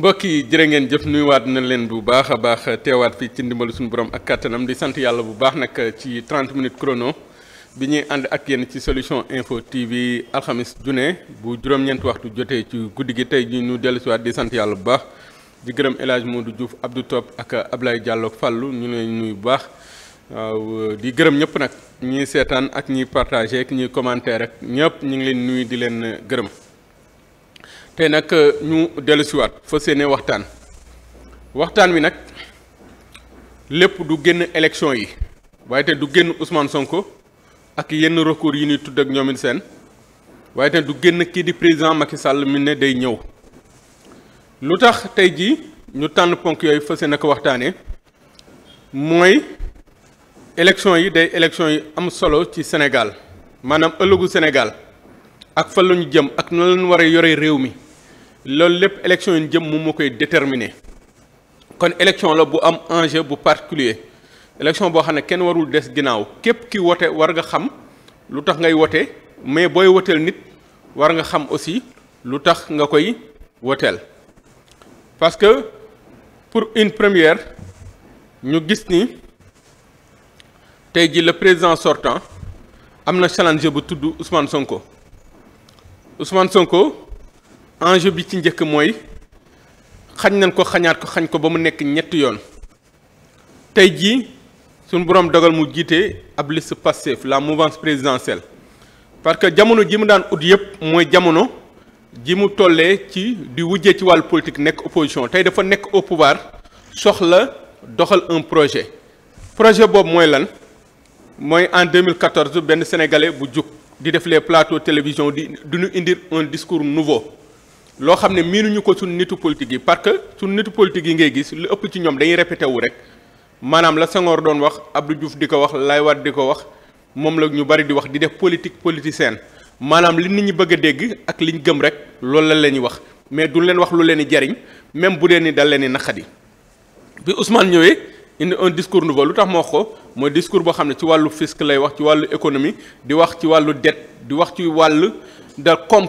mbokk yi jërë ngeen jëf nuyuwaat na leen bu baax a baax teewaat fii ci ndimbalu suñu borom ak kattanam di sant yàlla bu baax nag ci 30 minutes chrono bi ñuy ànd ak yéen ci solution info TV alxamis june bu juróom-ñeenti waxtu jotee ci guddi gi tey ñu dellusiwaat di sant yàlla bu baax di gërëm El Hadj Modou Diouf Abdou Top ak Ablaye Diallo Fallou ñu leen nuyu baax waaw di gërëm ñëpp nag ñiy seetaan ak ñi partagé ak ñiy commentaire ak ñëpp ñu ngi leen nuyu di leen gërëm. te nag euh, ñu dellusiwaat fa seenee waxtaan waxtaan wi nag lépp du génn élection yi waaye te du génn usmaan Sonko ak yenn recours yi ñuy tudd ak ñoom seen waaye te du génn kii di président Macky Sall mi ne day ñëw lu tax tey jii ñu tànn ponk yooyu fa yéene ko waxtaanee mooy élection yi day élection yi am solo ci Sénégal maanaam ëllëgu Sénégal ak fan la ñu jëm ak na la ñu war yore réew mi. loolu lépp élection yi jëm moom moo koy déterminer kon élection la bu am enjeu bu particulier élection boo xam ne kenn warul des ginnaaw képp ki wote war nga xam lu tax ngay wote mais booy woteel nit war nga xam aussi lu tax nga koy woteel parce que pour une première ñu gis ni tey ji le président sortant am na challenge bu tudd Ousmane Sonko Ousmane Sonko enjeu bi ci njëkk mooy xañ nañ ko xañaat ko xañ ko ba mu nekk ñetti yoon tey jii suñu borom dogal mu jiite ab liste Pastef la mouvance présidentielle parce que jamono ji mu daan ut yëpp mooy jamono ji mu tollee ci di wujjee ci wàll politique nekk opposition tey dafa nekk au pouvoir soxla doxal un projet projet boobu mooy lan mooy en 2014 benn sénégalais bu jug di def les plateaux télévision di du ñu indir un discours nouveau loo xam ne miinuñu ko suñ nitu politique yi parce que suñ nitu politique yi ngay gis lu ëpp ci ñoom dañuy répété wu rek maanaam la sangoor doon wax Abdou Diouf di ko wax Lay war di ko wax moom la ñu bari di wax di def politique politicienne maanaam li nit ñi bëgg a dégg ak liñ gëm rek loolu la leen wax mais du leen wax lu leen di jariñ même bu dee ni dal leen di naqadi bi usmaan ñëwee indi un discours nouveau lu tax wax ko mooy discours boo xam ne ci wàllu fisc lay wax ci wàllu économie di wax ci wàllu dette di wax ci wàllu da koom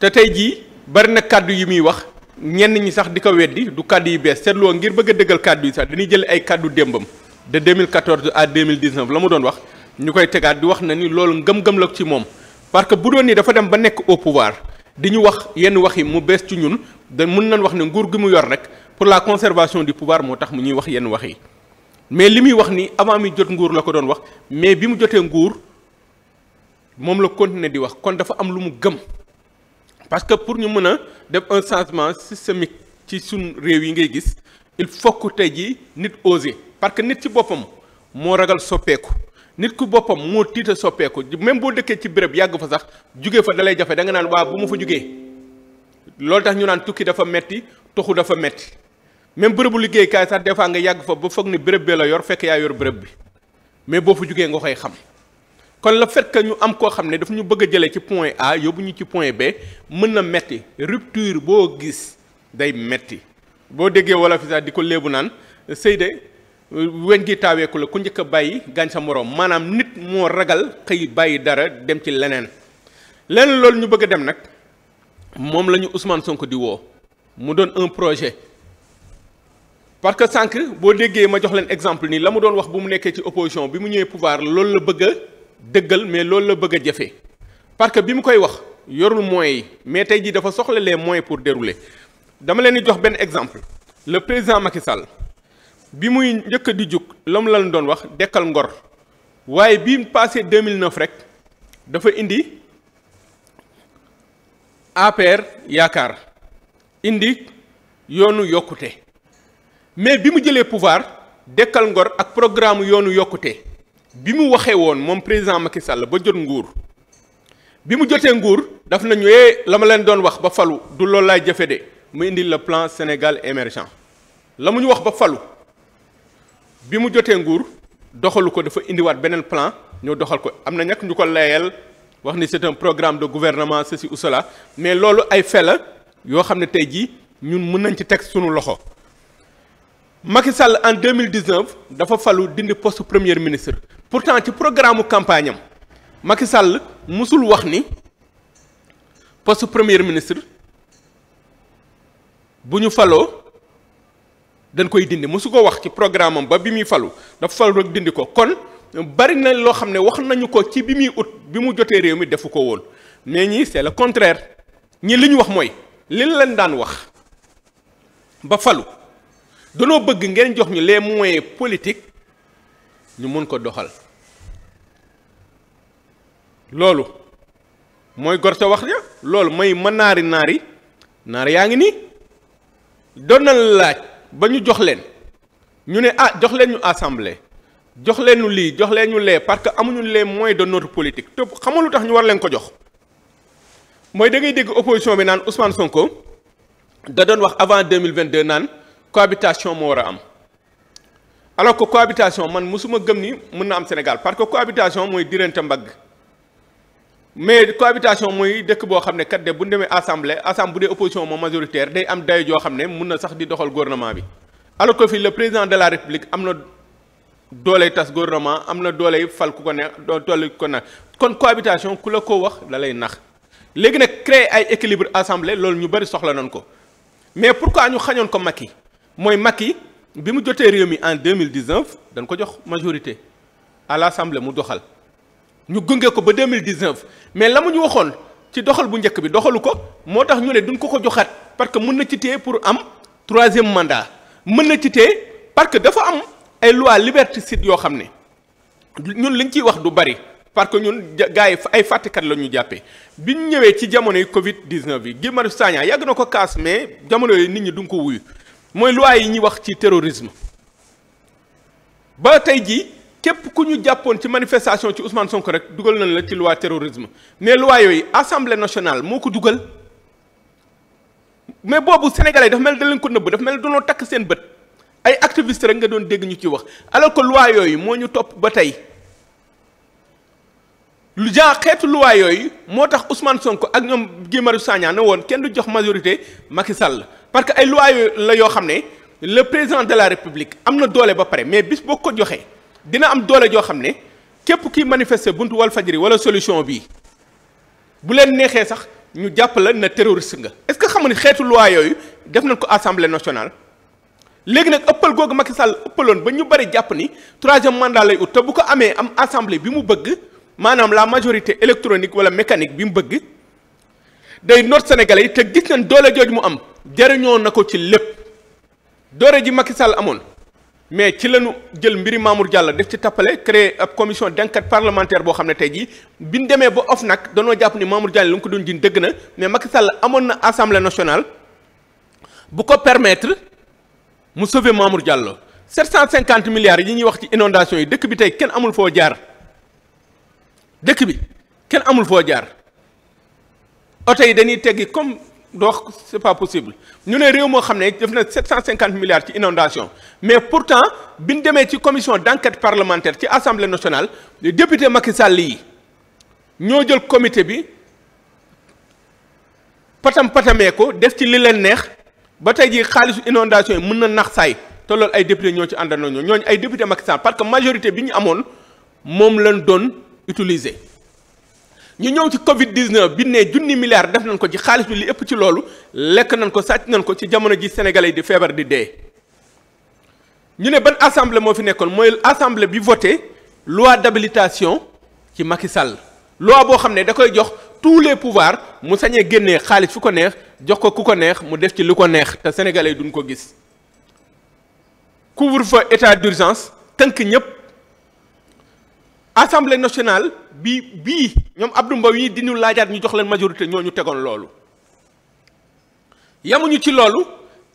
te tey jii bari na kàddu yu muy wax ñenn ñi sax di ko weddi du kàddu yu bees seetloo ngir bëgg a dëggal kàddu yi sax dañuy jël ay kàddu démbam de 2014 à 2019 la mu doon wax ñu koy tegaat di wax na ni loolu ngëm-ngëm la ci moom parce que bu doon ni dafa dem ba nekk au pouvoir di ñu wax yenn wax yi mu bees ci ñun da mën nañ wax ne nguur gi mu yor rek pour la conservation du pouvoir moo tax mu ñuy wax yenn wax yi mais li muy wax ni avant mi jot nguur la ko doon wax mais bi mu jotee nguur moom la continuer di wax kon dafa am lu mu gëm parce que pour ñu mën a def un changement systémique ci suñ réew yi ngay gis il faut que tey jii nit oser parce que nit ci boppam moo ragal soppeeku nit ku boppam moo tiita soppeeku même boo dëkkee ci béréb yàgg fa sax jóge fa dalay jafe da nga naan waa bu ma fa jógee loolu tax ñu naan tukki dafa metti toxu dafa metti même bérébu liggéeykaay sax des fois nga yàgg fa ba foog ni bërëb bee la yor fekk yaa yor bërëb bi mais boo fa jugee ngoo koy xam kon la fait ñu am koo xam ne daf ñu bëgg a jëlee ci point A yóbbu ñu ci point B mën na metti rupture boo gis day metti boo déggee wala fi di ko léebu naan sëy de weñ gi taaweeku la ku njëkk a bàyyi gaañ sa moroom maanaam nit moo ragal xëy bàyyi dara dem ci leneen leneen loolu ñu bëgg dem nag moom la ñu Ousmane Sonko di woo mu doon un projet parce que sànq boo déggee ma jox leen exemple nii la mu doon wax bu mu nekkee ci opposition bi mu ñëwee pouvoir loolu la bëgg dëggal mais loolu la bëgg a jëfee parce que bi mu koy wax yorul mooy yi mais tey jii dafa soxla les moyens pour dérouler dama leen di jox benn exemple le président Macky Sall bi muy njëkk di jug lam lan doon wax dekkal ngor waaye bi mu passé 2009 rek dafa indi APR yaakaar indi yoonu yokkute mais bi mu jëlee pouvoir dekkal ngor ak programme yoonu yokkute bi mu waxee woon moom président Macky Sall ba jot nguur bi mu jotee nguur daf na ñëwee eh, la ma leen doon wax ba falu du lool laay jëfe de mu indi la plan Sénégal émergent la mu ñu wax ba falu bi mu jotee nguur doxalu ko dafa indiwaat beneen plan ñoo doxal ko am na ñàkk ñu ko layal wax ni c'est un programme de gouvernement ceci ou cela mais loolu ay fela yoo xam ne tey jii ñun mën nañ ci teg sunu loxo Macky Sall en 2019 dafa falu dindi poste premier ministre pourtant ci programme campagne am Macky Sall musul wax ni poste premier ministre bu ñu faloo dañ koy dindi musu ko wax ci programme am ba bi muy falu dafa falu rek dindi ko kon bari na loo xam ne wax nañu ko ci bi muy ut bi mu jotee réew mi defu ko woon mais ñi c'est le contraire ñi li ñu wax mooy li leen daan wax ba falu. danoo bëgg ngeen jox ñu les moyens politiques ñu mën ko doxal loolu mooy gorte wax ja loolu mooy ma naari naari naar yaa ngi nii doon na laaj ba ñu jox leen ñu ne ah jox leen ñu assemblée jox leen ñu lii jox leen ñu lee parce que amuñu les moyens de notre politique te xamalu tax ñu war leen ko jox mooy da ngay dégg opposition bi naan Ousmane Sonko da doon wax avant 2022 naan cohabitation moo war a am alors que cohabitation man mosuma gëm ni mën na am Sénégal parce que cohabitation mooy dirante mbagg mais cohabitation mooy dëkk boo xam ne kat de bu ñu demee assemblée assemblée bu dee opposition moom majoritaire day am dayo joo xam ne mun na sax di doxal gouvernement bi alors que fii le président de la république am na dooley tas gouvernement am na dooley fal ku ko neex doole ko neex kon cohabitation ku la ko wax da nax léegi nag créer ay équilibre assemblée loolu ñu bëri soxla nañ ko mais pourquoi ñu mooy yi bi mu jotee réew mi en mille 2019 dañ ko jox majorité à l'Assemblée mu doxal ñu gunge ko ba deux mille 2019 mais la mu ñu waxoon ci doxal bu njëkk bi doxalu ko moo tax ñu ne duñ ko ko joxaat parce que mën na ci téye pour am troisième mandat mën na ci téye parce que dafa am ay loi liberticide yoo xam ne ñun liñ ciy wax du bari parce que ñun gars yi ay fàttekat la ñu jàppee bi ñu ñëwee ci jamono yi Covid 19 bi Guy Marius Sagna yàgg na ko kaas mais jamono yooyu nit ñi duñ ko wuyu. mooy loi yi ñuy wax ci terrorisme ba tey jii képp ku ñu jàppoon ci manifestation ci Ousmane sonk rek dugal nañ la ci loi terrorisme ne loi yooyu assemblée nationale moo ko dugal mais boobu yi dafa mel da leen ko nëbb dafa mel doonoo takk seen bët ay activiste rek nga doon dégg ñu ci wax alors que loi yooyu moo ñu topp ba tey lu jaa xeetu loi yooyu moo tax Ousmane sonk ak ñoom Guy Marius Sagna ne woon kenn du jox majorité Macky Sall parce que ay loi la yoo xam ne le président de la république am na doole ba pare mais bis boo ko joxee dina am doole joo xam ne képp kiy manifester buntu Walfadjri wala solution bii bu leen neexee sax ñu jàpp la na terroriste nga est-ce que xam ne xeetu loi yooyu def nañ ko assemblée nationale léegi nag ëppal googu Macky Sall ëppaloon ba ñu bëri jàpp ni troisième mandat lay ut te bu ko amee am assemblée bi mu bëgg maanaam la majorité électronique wala mécanique bi mu bëgg day noot sénégal yi te gis nañ doole jooju mu am jëriñoo na ko ci lépp doole ji Macky Sall amoon mais ci leenu jël mbiri Mamour Diallo def ci tappale créé ab commission d'enquête parlementaire boo xam ne tey jii bi ñu demee ba of nag danoo jàpp ni Mamour Diallo lu ko doon jiin dëgg na mais Macky Sall amoon na assemblée nationale bu ko permettre mu sauver Mamour Diallo 750 milliards yi ñuy wax ci inondation yi dëkk bi tey kenn amul foo jaar dëkk bi kenn amul foo jaar. oto yi dañuy teggi comme doox c'est pas possible ñu ne réew moo xam ne def na 750 milliards ci inondation mais pourtant bi ñu demee ci commission d'enquête parlementaire ci assemblée nationale le député Macky Sall yi ñoo jël comité bi patam patamee ko def ci li leen neex ba tey jii xaalisu inondation yi mën na nax saay te loolu ay député ñoo ci àndandoo ñooñu ay député Macky Sall parce que majorité bi ñu amoon moom lañ doon utiliser. ñu ñëw ci Covid 19 bi ne junni milliards def nañ ko ci xaalis bi li ëpp ci loolu lekk nañ ko sàcc nañ ko ci jamono ji Sénégalais yi di feebar di dee. ñu ne ban assemblée moo fi nekkoon mooy assemblée bi voté loi d'habilitation ci Macky Sall loi boo xam ne da koy jox tous les pouvoirs mu sañee génnee xaalis fu ko neex jox ko ku ko neex mu def ci li ko neex te sénégalais duñ ko gis couvre-feu état d'urgence tënk ñëpp. assemblée nationale bi bii ñoom ab Mbow yi di ñu laajaat ñu jox leen majorité ñoo ñu tegoon loolu yamuñu ci loolu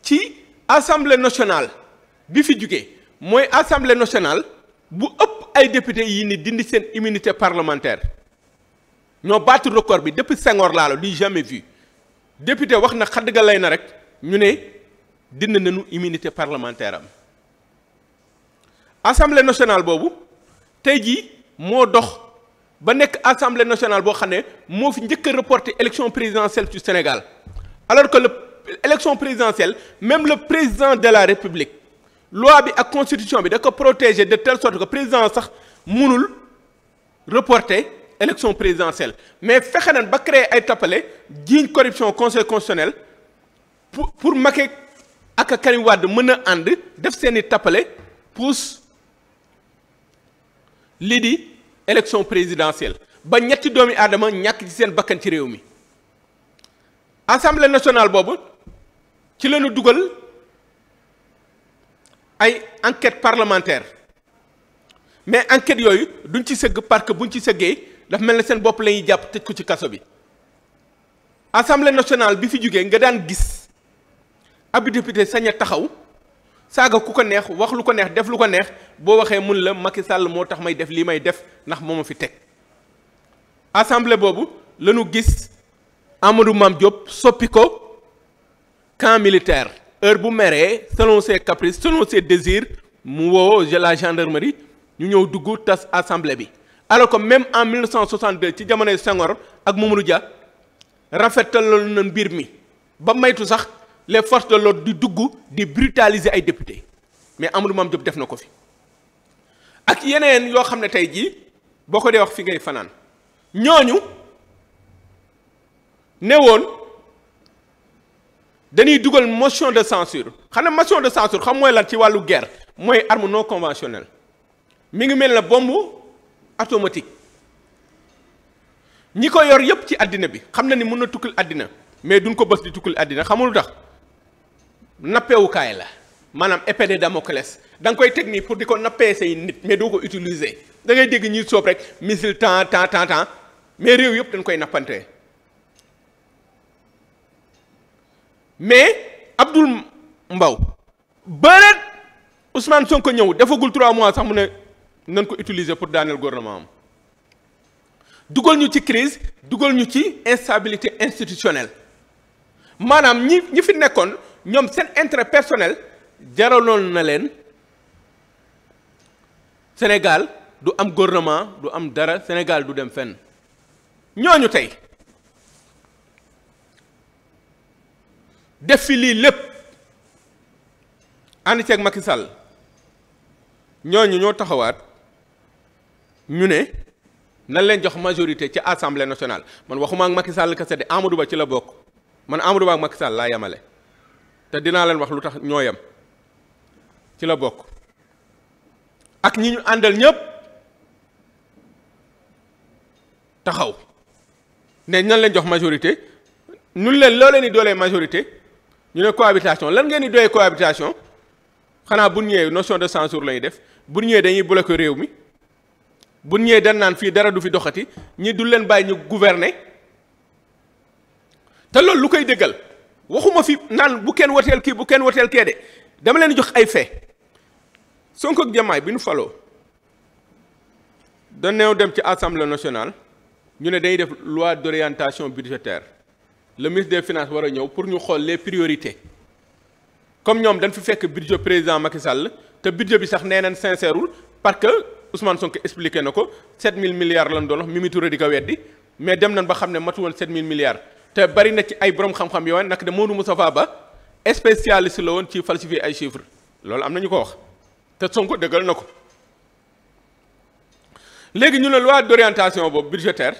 ci assemblée nationale bi fi jugee mooy assemblée nationale bu ëpp ay député yi ni dindi seen immunité parlementaire ñoo battu record bi depuis Senghor laalo di jamais vu député wax na xadd ga lay na rek ñu ne dind nañu immunité parlementaire am assemblée nationale boobu tey jii moo dox ba nekk assemblée nationale boo xam ne moo fi njëkk a reporter élection présidentielle ci Sénégal alors que le élection présidentielle même le président de la république loi bi ak constitution bi da ko protéger de telle sorte ko président sax munul reporter élection présidentielle mais fexe nañ ba créer ay tappale jiiñ corruption conseil constitutionnel pour pour Macky ak Karim Wade mën a ànd def seen i tappale pousse lidi élection présidentielle ba ñetti doomi aadama ñàkk ci seen bakkan ci réew mi assemblée nationale boobu ci leenu dugal ay enquête parlementaire mais enquête yooyu duñ ci sëgg parce que buñ ci sëggee dafa mel ne seen bopp lañuy jàpp tëj ko ci kaso bi assamble nationale bi fi jógee nga daan gis ab député sañ taxaw saaga ku ko neex wax lu ko neex def lu ko neex boo waxee mun la Macky Sall moo tax may def lii may def ndax moo ma fi teg assemblée boobu la ñu gis Amadou Mame Diop soppi ko camp militaire heure bu meree selon ses caprices selon ses désirs mu woo la gendarmerie ñu ñëw dugg tas assemblée bi alors que même en 1962 ci jamonoy Senghor ak Mamadou Dia rafetal loolu na mbir mi ba maytu sax les forces de l'ordre di dugg di brutaliser ay député mais amul Mame Diop def na ko fi ak yeneen yoo xam ne tey jii boo ko dee wax fi ngay fanaan ñooñu ne woon dañuy dugal motion de censure xanaa motion de censure xam mooy lan ci wàllu guerre mooy arme non conventionnelle mi ngi mel na bombe atomatique ñi ko yor yépp ci àddina bi xam na ni mun na tukkil àddina mais duñ ko bës di tukkal àddina xamul tax nappewukaay la maanaam épée de Damoclès da koy teg nii pour di ko nappee say nit mais doo ko utiliser dangay dégg ñuy soob rek missile temps temps temps temps mais réew yëpp dañ koy nappante mais Abdoul Mbaw bëreet Ousmane Sonko ñëw defagul trois mois sax mu ne nañ ko utiliser pour daaneel gouvernement am dugal ñu ci crise dugal ñu ci instabilité institutionnelle maanaam ñi ñi fi nekkoon ñoom seen intérêt personnel jaraloon na leen Sénégal du am gouvernement du am dara Sénégal du dem fenn ñooñu tey def fi lii lépp ànd ceeg Macky Sall ñooñu ñoo taxawaat ñu ne nan leen jox majorité ci assemblée nationale man waxuma ak Macky Sall kese de Amadou Ba ci la bokk man Amadou Ba ak laa yemale. te dinaa leen wax lu tax ñooyam ci la bokk ak ñi ñu àndal ñépp taxaw ne nan leen jox majorité ñun leen loo leen di doolee majorité ñu ne cohabitation lan ngeen di doyee cohabitation xanaa bu ñëwee notion de censure lay def bu ñëwee dañuy bloquer réew mi bu ñëwee dañ fii dara du fi doxati ñi du leen bàyyi ñu gouverner te loolu lu koy dëggal waxuma fi naan bu kenn woteel kii bu kenn woteel kee de dama leen jox ay fait Sonko ak Diomaye bi ñu faloo dañoo dem ci assemblée nationale ñu ne day def loi d'orientation budgétaire le ministre des finance wara ñëw pour ñu xool les priorités comme ñoom dañ fi fekk budget président Macky Sall te budget bi sax nee nañ sincèreul parce que Ousmane Sonko expliqué na ko 7000 milliards lañ doon wax Mimi Touré di ko weddi mais dem nañ ba xam ne matu woon 7000 milliards. te bari na ci ay borom xam-xam yoo nag de Modou Moustapha Ba spécialiste la woon ci falsifier ay chiffres loolu am na ñu ko wax te Sonko dëggal na ko léegi ñu ne loi d'orientation boobu budgétaire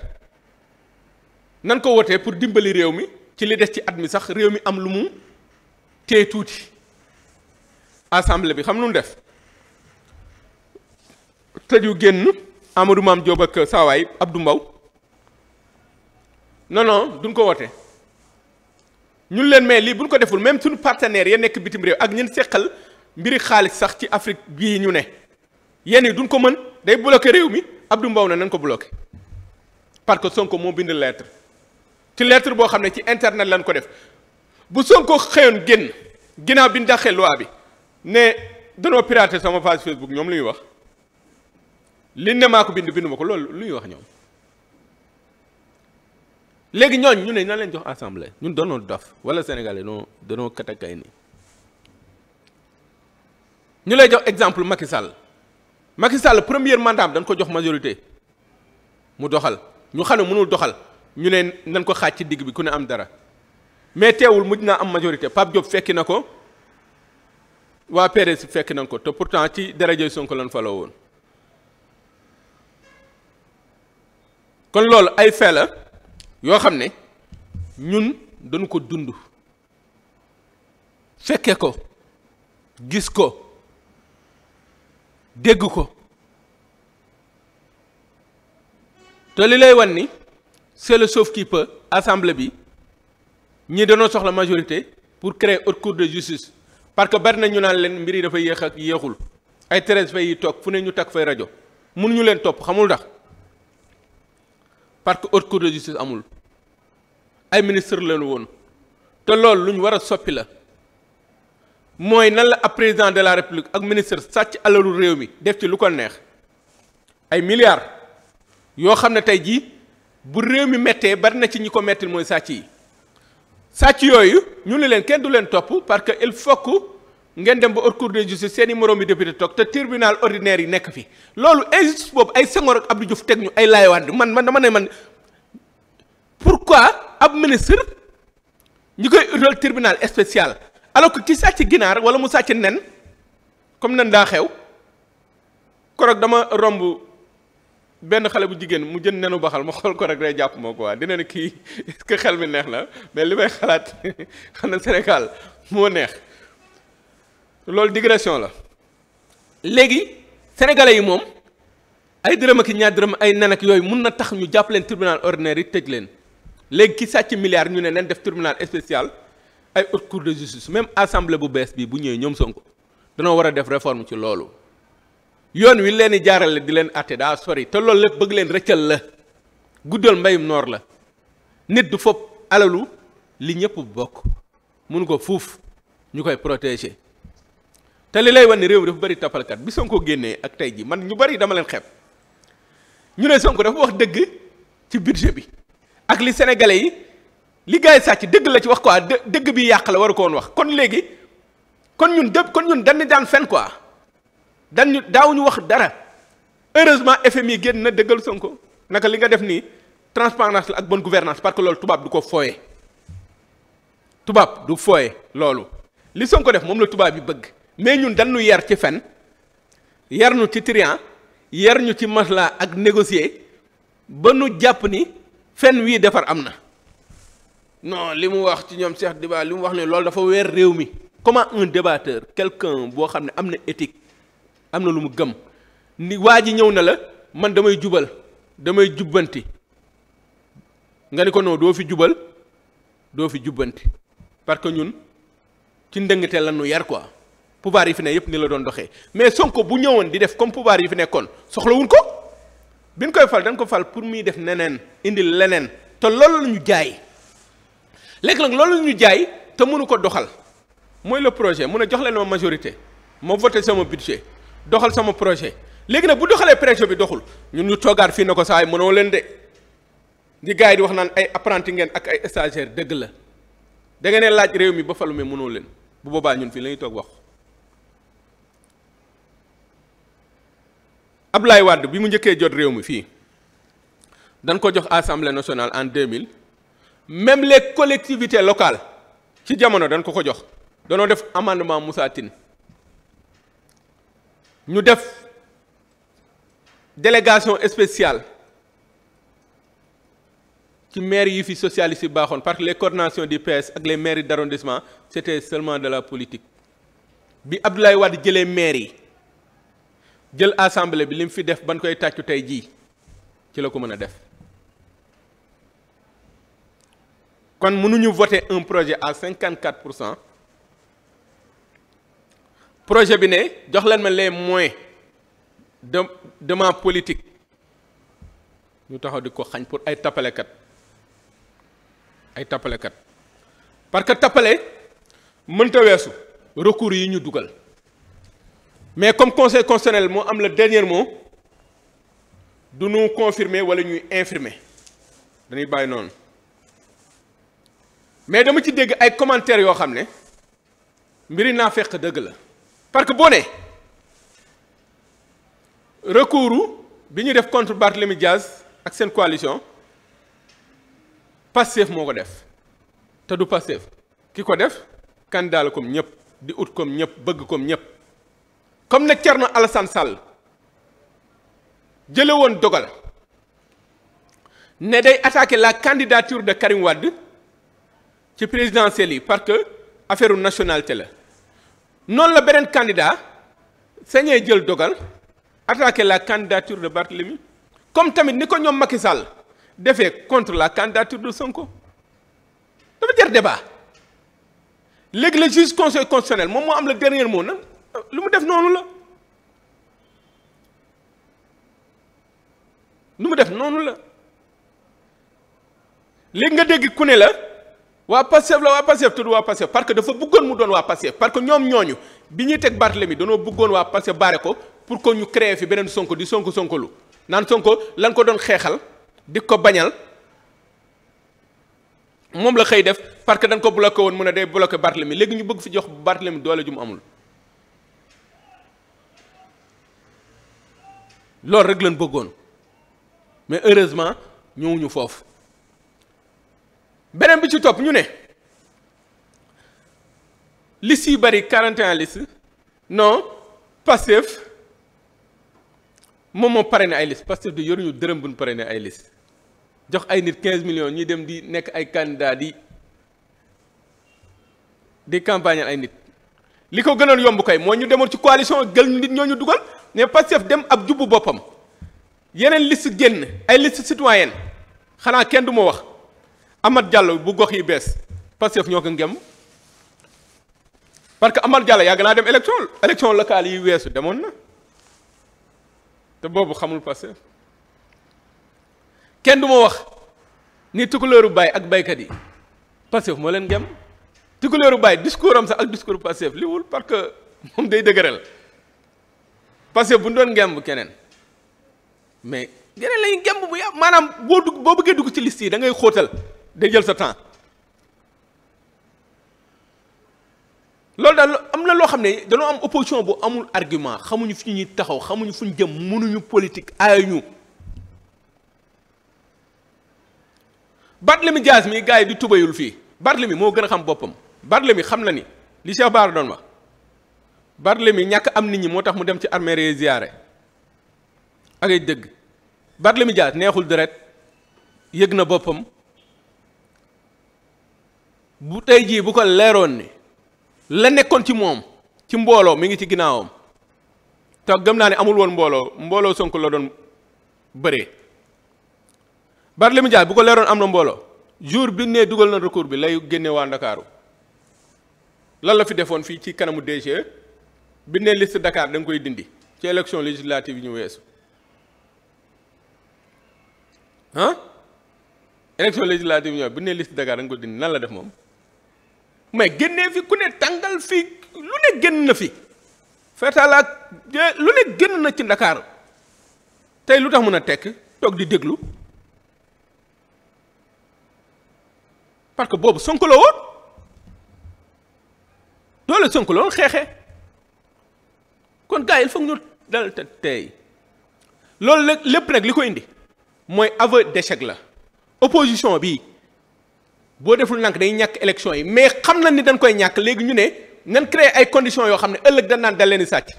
nan ko wootee pour dimbali réew mi ci li des ci at mi sax réew mi am lu mu téye tuuti assemblée bi xam lu mu def tëju génn Amadou Mame Diop ak saawaay Abdou mbaw non non duñ ko woote ñun leen mais lii buñ ko deful même suñu partenaires ya nekk bitim réew ak ñun seqal mbiri xaalis sax ci Afrique bii ñu ne yéen yi duñ ko mën day bloqué réew mi Abdou Mbow na nañ ko bloqué parce que Sonko moo bind lettre ci lettre boo xam ne ci internet lañ ko def bu Sonko xëyoon génn ginnaaw bi ñu daxee loi bi ne danoo piraté sama Facebook ñoom lu ñuy wax li ne ko bind bindu ma ko loolu lu ñuy wax ñoom. léegi ñooñ ñu ne na leen jox assemblée ñun doonoo dof wala sénégalais noo danoo katakay ni ñu lay jox exemple Macky Sall Macky Sall premier mandat dañ ko jox majorité mu doxal ñu xam ne mënul doxal ñu ne nañ ko xaaj ci digg bi ku ne am dara mais teewul mujj naa am majorité Pape Diop fekki na ko waa PDS fekk nañ ko te pourtant ci daraja Sonko lañ faloo woon kon loolu ay fee yoo xam ne ñun dañu ko dund fekke ko gis ko dégg ko te li lay wan ni c'est le sauf qui peut assemblée bi ñi dañoo soxla majorité pour créer haute cour de justice parce que bari na ñu naan leen mbir yi dafa yéex ak yéexul ay treize fay yi toog fu ne ñu takk fay rajo mënuñu leen topp xamul ndax parce que haute cour de justice amul ay ministre lañu woon te loolu lu ñu war a soppi la mooy nan la ab président de la république ak ministre sàcc alalu réew mi def ci lu ko neex ay milliards yoo xam ne tey jii bu réew mi méttee bari na ci ñi ko mettil mooy sàcc yi sàcc yooyu ñu ne leen kenn du leen topp parce que il faut que ngeen dem ba haute cour de justice seeni i bi député toog te tribunal ordinaire yi nekk fi loolu injustice boobu ay Senghor ak Abdou Diouf teg ñu ay laaywaan man man dama ne man pourquoi ab ministre ñi koy utal tirbinal spécial alors que ki sàcc ginaar wala mu sàcc nen comme nen daa xew korog dama romb benn xale bu jigéen mu jën nenu baxal ma xool ko rek day jàpp moo ko waa dina ne kii est xel mi neex na mais li may xalaat xam na Sénégal moo neex loolu digression la léegi sénégalais yi moom ay dërëm ki ñaar dërëm ay nen yooyu mun na tax ñu jàpp leen tribunal ordinaire yi tëj leen léegi ki sàcc milliards ñu ne leen def tribunal spécial ay haute cour de justice même assemblée bu bees bi bu ñëwee ñoom Sonko danoo war a def réforme ci loolu yoon wi leen di jaarale di leen àtte daa sori te lool lépp bëgg leen rëccal la guddal mbayum noor la nit du fopp alalu li ñëpp bokk mun ko fuuf ñu koy protéger. te li lay wan ne réew mi dafa bëri tappalkat bi ko génnee ak tey ji man ñu bëri dama leen xeeb ñu ne Sonko dafa wax dëgg ci budget bi ak li sénégalais yi li gars yi sàcc dëgg la ci wax quoi dëgg bi yàq la waru ko woon wax kon léegi kon ñun dëpp kon ñun dañu daan fen quoi dañu ñu wax dara heureusement FMI génn na dëggal Sonko naka li nga def nii transparence la ak bon gouvernance parce que loolu tubaab du ko fooye tubaab du fooye loolu li Sonko def moom la tubaab yi bëgg mais ñun dañu yar ci fen yar ñu ci trian yar ñu ci masla ak négocier ba nu jàpp ni fen wii defar am na non li mu wax ci ñoom Cheikh Diba li mu wax ne loolu dafa weer réew mi comment un débatteur quelqu'un boo xam ne am na éthique am na lu mu gëm ni waa ji ñëw na la man damay jubal damay jubbanti nga ne ko non doo fi jubal doo fi jubbanti parce que ñun ci ndëngte la ñu yar quoi pouvoir yi fi ne yëpp ni la doon doxee mais Sonko bu ñëwoon di def comme pouvoir yi fi nekkoon soxlawuñ ko bi ñu koy fal danga ko fal pour muy def neneen indil leneen te loolu la ñu jaay léegi nag loolu la jaay te mënu ko doxal mooy le projet mun a jox leen ma majorité ma voté sama budget doxal sama projet léegi nag bu doxalee projet bi doxul ñun ñu toogaat fii ne ko saa yi mënoo leen de di gars yi di wax naan ay apprenti ak ay stagiaire dëgg la da ngeen laaj réew mi ba falu mënoo leen bu boobaa ñun fii la ñuy toog Ablaye Wade bi mu njëkkee jot réew mi fii dañ ko jox assemblée nationale en 2000 même les collectivités locales ci jamono dañ ko ko jox danoo def amendement Moussa Tine ñu def délégation spéciale ci maire yi fi socialiste yi baaxoon parce que les coordinations du PS ak les maires d'arrondissement c'était seulement de la politique bi ab lay Wade jëlee maire yi jël assemblée bi li fi def ban koy tàccu tey jii ci la ko mën a def kon mënuñu voter un projet à cinquante quatre pour cent projet bi ne jox leen ma les moyens de demande politique ñu taxaw di ko xañ pour ay tappalekat ay tappalekat parce que tappale mënta weesu recours yi ñu dugal mais comme conseil constitutionnel moo am le dernier moo du nu confirmer wala ñuy infirmer dañuy bàyyi noonu mais dama ci dégg ay commentaires yoo xam ne mbiri naa fekk dëgg la parce que boo nee recours bi ñu def contre Barthélemy Diaz ak seen coalition Pastef moo ko def te du Pastef ki ko def candidat la comme ñëpp di ut comme ñëpp bëgg koom ñëpp. comme nag Thierno Alassane Sall jële woon dogal ne day attaquer la candidature de Karim Wade ci présidentielle yi parce que affaire nationalité la noonu la beneen candidat sañee jël dogal attaquer la candidature de Barthélemy comme tamit ni ko ñoom Macky Sall defee contre la candidature de Sonko dafa jar débat léegi le juge conseil constitutionnel moom moo am le dernier mot na lu mu def noonu la lu mu def noonu la léegi nga dégg ku ne la waa Pastef la waa Pastef tudd waa Pastef parce que dafa bëggoon mu doon waa Pastef parce que ñoom ñooñu bi ñuy teg Barthélemy danoo bëggoon waa Pastef baare ko pour que ñu créer fi beneen Sonko di sonk sonk Sonkolu naan Sonko lan ko doon xeexal di ko bañal moom la xëy def parce que dañ ko bloqué woon mu ne day bloqué Barthélemy léegi ñu bëgg fi jox Barthélemy doole ju mu amul loolu rek lañ bëggoon mais heureusement ñëwuñu foofu beneen bi ci topp ñu ne liste yi bëri 41 liste non Pastef moom moo parrainé ay liste Pastef di yoruñu dërëm bu pare parrainé ay liste jox ay nit 15 millions ñuy dem di nekk ay candidat di di campagne ay nit li ko gënoon yomb kay moo ñu demoon ci coalition gën nit ñoo ñu dugal ne Pastef dem ab jubbu boppam yeneen liste génn ay liste citoyenne xanaa kenn du ma wax amat Diallo bu gox yi bees Pastef ñoo ko ngemm parce que Amath Diallo yàgg naa dem élection élection locale yi weesu demoon na te boobu xamul Pastef kenn du ma wax ni tukulóoru baay ak baykat yi Pastef moo leen ngemm tukulóoru Baye discours am sax ak discours Pastef li wul parce que moom day dëgëral Pastef bu ñu doon ngemb keneen mais yeneen lañu ngemb bu yàgg maanaam boo dugg boo bëggee dugg ci liste yi da ngay xóotal day jël sa temps loolu daal am na loo xam ne danoo am opposition bu amul argument xamuñu fi ñuy taxaw xamuñu fu ñu jëm mënuñu politique aayuñu Barthélemy Dias mi gars yi di tubayul fii mi moo gën a xam boppam barle Barthélemy xam na ni li Cheikh Bara doon barle mi ñàkk am nit ñi moo tax mu dem ci armée ziyaare ak ay dëgg mi Dias neexul deret yëg na boppam bu tey jii bu ko leeroon ni la nekkoon ci moom ci mbooloo mi ngi ci ginnaawam te gëm naa ni amul woon mbooloo mbooloo sonk la doon bëree Barthélemy Dias bu ko leeroon am na mbooloo jour bi ne dugal na recours bi lay génne waa Ndakaaru lan la fi defoon fii ci kanamu DG bi ne dakaar Dakar koy dindi ci élection législative yi ñu weesu ah élection législative yi ñu bi ne liste Dakar da koy dindi nan la def moom mais génnee fi ku ne tàngal fii lu ne génn na fi feetalaak lu ne génn na ci Ndakaaru tey lu tax mën a tekk toog di déglu parce que boobu Sonko la woon loolu la Sonko loolu xeexee kon gars yi il ñu dal te tey loolu nag lépp nag li ko indi mooy aveu d'échec la opposition bi boo deful nank day ñàkk élection yi mais xam na ni dañ koy ñàkk léegi ñu ne nan créer ay conditions yoo xam ne ëllëg dañ naan dal leen sàcc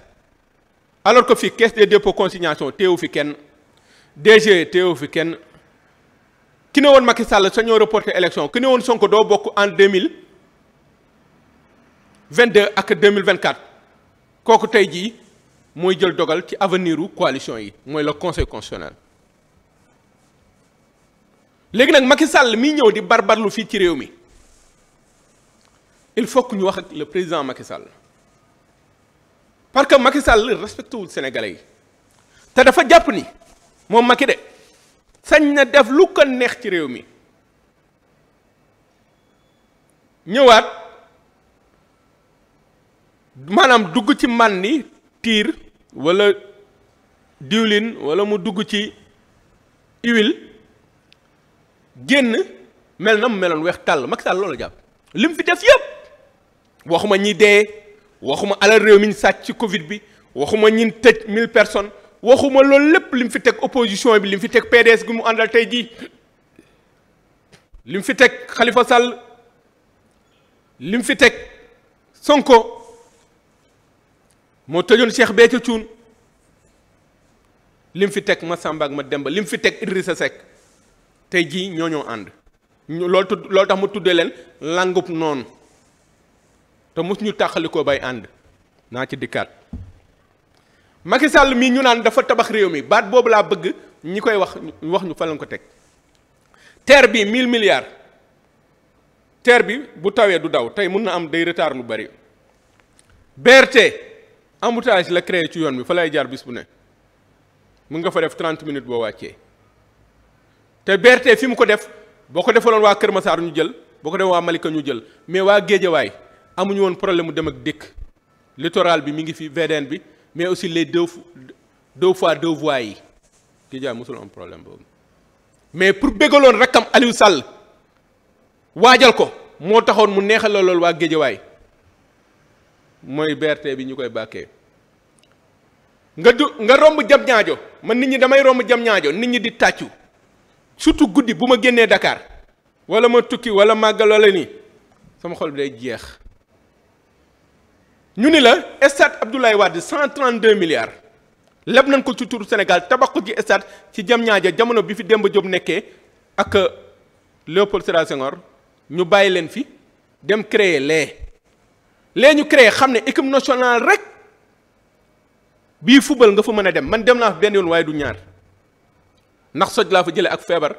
alors que fii caisse de dépôts consignation teewu fi kenn DG teewu fi kenn ki ne woon Macky Sall sañoo reporter élection ki ne woon Sonko doo bokk en mille 22 ak 2024 kooku tey jii mooy jël dogal ci avenir u coalition yi mooy le conseil constitutionnel léegi nag Macky sàll mi ñëw di barbarlu fii ci réew mi il faut que ñu wax ak le président Macky Sall parce que Macky Sall respecté wul Sénégalais yi te dafa jàpp ni moom maki de sañ na def lu ko neex ci réew mi ñëwaat. maanaam dugg ci man ni tiir walla diwlin wala mu dugg ci huile génn mel na mu meloon weex tàll Macky Sall loolu jàpp li mu fi def yëpp waxuma ñi dee waxuma alal réew mi ñu sàcc ci Covid bi waxuma ñin tëj mille personnes waxuma lool lépp li mu fi teg opposition bi li fi teg PDS gi mu àndal tey jii lim fi teg xalifa Sall li fi teg Sonko. moo tëjoon Cheikh Béthio Thioune lim fi teg ma ak Mademba lim fi teg Idrissa Seck tey jii ñoo ñoo ànd loolu tudd loolu tax mu tuddee leen langub noonu te mos ñu tàqalikoo bay ànd naa ci dikkaat Macky Sall mii ñu naan dafa tabax réew mi baat boobu laa bëgg ñi koy wax wax ñu fa lañ ko teg terre bi mill milliards terre bi bu tawee du daw tey mun na am day retard lu bari BRT embouteillage la créé ci yoon bi fa lay jaar bis bu ne mun nga fa def 30 minutes boo wàccee te berte fi mu ko def boo ko defaloon waa Kër Masaar ñu jël boo ko def waa Malika ñu jël mais waa Géejawaay amuñu woon problème mu dem ak dëkk littoral bi mi ngi fi VDN bi mais aussi les deux deux fois deux voies yi Géejawaay mosul am problème boobu mais pour béggaloon rakkam Aliou Sall waajal ko moo taxoon mu neexal la loolu waa Géejawaay mooy BRT bi ñu koy bàkkee nga du nga romb jam ñaajo man nit ñi damay romb jam ñaajo nit ñi di tàccu surtout guddi bu ma génnee Dakar wala ma tukki wala màggal wala nii sama xol bi day jeex ñu ni la stade Abdoulaye Wade 132 milliards leb nañ ko ci turu senegal tabax ko ci stade ci jam ñaajo jamono bi fi Demba Diop nekkee ak euh, Léopold Sédar Senghor ñu bàyyi leen fi dem créer lee léegi ñu créé xam ne équipe nationale rek bii football nga fa mën a dem man dem naa fa benn yoon waaye du ñaar ndax soj laa fa jëlee ak feebar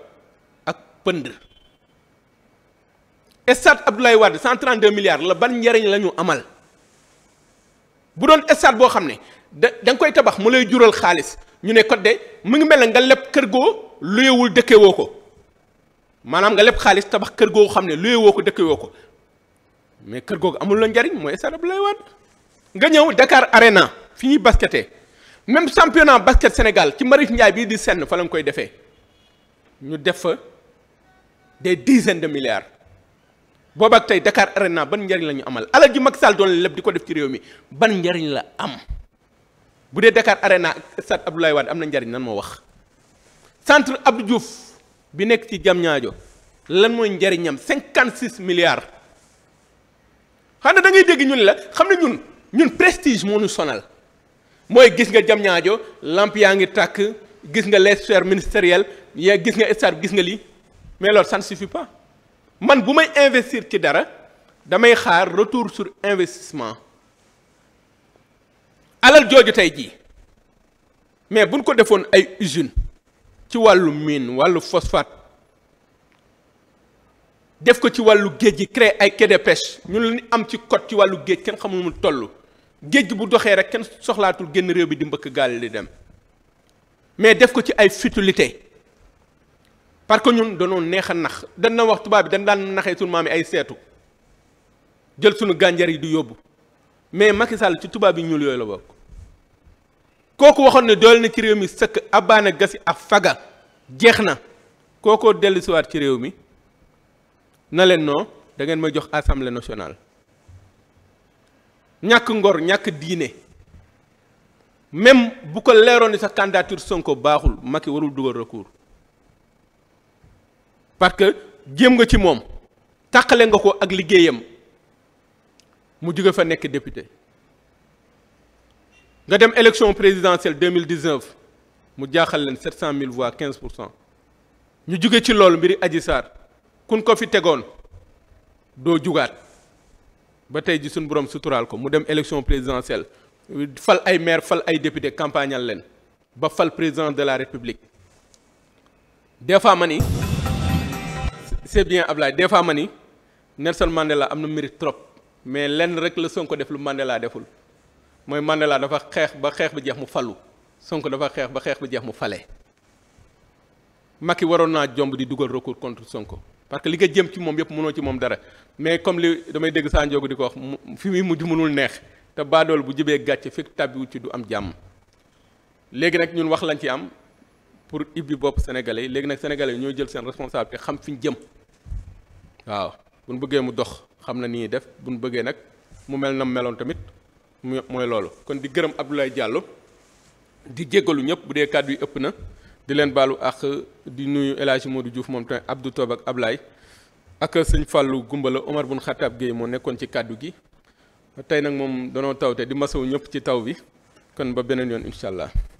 ak pënd. stade Abdoulaye Wade 132 milliards la ban njariñ la ñu amal bu doon stade boo xam ne da da koy tabax mu lay jural xaalis ñu ne code de mu ngi mel ne nga leb kër goo luyewul dëkkewoo ko maanaam nga leb xaalis tabax kër goo xam ne luyewoo ko dëkkewoo ko mais kër googu amul la njariñ mooy stade Abdoulaye Wade nga ñëw Dakar Arena fi ñuy basketté même championnat basket Sénégal ci Marius Ndiaye bii di senn fa lañ koy defee ñu def fa des dizaines de milliards booba tey dakaar Arena ban njariñ la ñu amal alal ji mag Sall doon lépp di ko def ci réew mi ban njariñ la am bu dee Dakar Arena ak stade Abdoulaye am na njariñ nan moo wax centre Abdou Diouf bi nekk ci Diamniadio lan mooy njariñam cinquante six milliards xam ne da ngay dégg ñun la xam ne ñun ñun prestige moo ñu sonal mooy gis nga jam ñaajo lamp yaa ngi tàkk gis nga les sphères ministérielles ya gis nga stade gis nga li mais loolu ça ne suffit pas man bu may investir ci dara damay xaar retour sur investissement alal jooju tey jii mais buñ ko defoon ay usine ci wàllu mine wàllu phosphate def ko ci wàllu géej gi créer ay quai de ñun la ñu am ci code ci wàllu géej kenn xamul mu toll géej gi bu doxee rek kenn soxlaatul génn réew bi di mbëkk gaal di dem mais def ko ci ay futilité parce que ñun dañoo neex a nax dañ na wax tubaab bi dañ daan naxee sunu maam yi ay seetu jël sunu gànjar yi du yóbbu mais Macky Sall ci tubaab yi ñuul yooyu la bokk kooku waxoon ne dool na ci réew mi sëkk abaana gasi ak faga jeex na kookoo dellusiwaat ci réew mi. na leen non da ngeen may jox assemblée nationale ñàkk ngor ñàkk diine même bu ko leeroon ni sa candidature Sonko baaxul Macky warul dugal recours parce que jéem nga ci moom tàqale nga ko ak liggéeyam mu jóge fa nekk député nga dem élection présidentielle 2019 mu jaaxal leen 700 000 voix 15 pour cent ñu jóge ci loolu mbir Adji Sarr kun ko fi tegoon doo jugaat ba tey ji suñu borom suturaal ko mu dem élection présidentielle fal ay maire fal ay député campagnal leen ba fal président de la république des fois ma ni c'est bien Ablaye des fois ma ni Nelson Mandela am na mérite trop mais lenn rek la ko def lu Mandela deful mooy Mandela dafa xeex ba xeex bi jeex mu falu Sonko dafa xeex ba xeex bi jeex mu fale Macky waroon naa jomb di dugal recours contre ko parce que li nga jëm ci moom yëpp mënoo ci moom dara mais comme li damay dégg saa njoogu di ko wax fi mu mujj mënul neex te baadool bu jibee gàcce fekk tàbbiwu ci du am jàmm léegi nag ñun wax lañ ci am pour ibbi bopp sénégalais yi léegi nag sénégalais yi ñoo jël seen responsabilité xam fi ñu jëm waaw buñ bëggee mu dox xam na ni def bu buñ bëggee nag mu mel na meloon tamit mooy loolu kon di gërëm Abdoulaye Diallo di jéggalu ñëpp bu dee kàddu yi ëpp na di leen baalu ak di nuyu El Hadji Modou Diouf moom tamit Abdou Toob ak Ablaye ak sëñ Fallou Gumbala Omar bun Xattaab Guèye moo nekkoon ci kàddu gi tey nag moom danoo te di masawu ñëpp ci taw bi kon ba beneen yoon incha allah.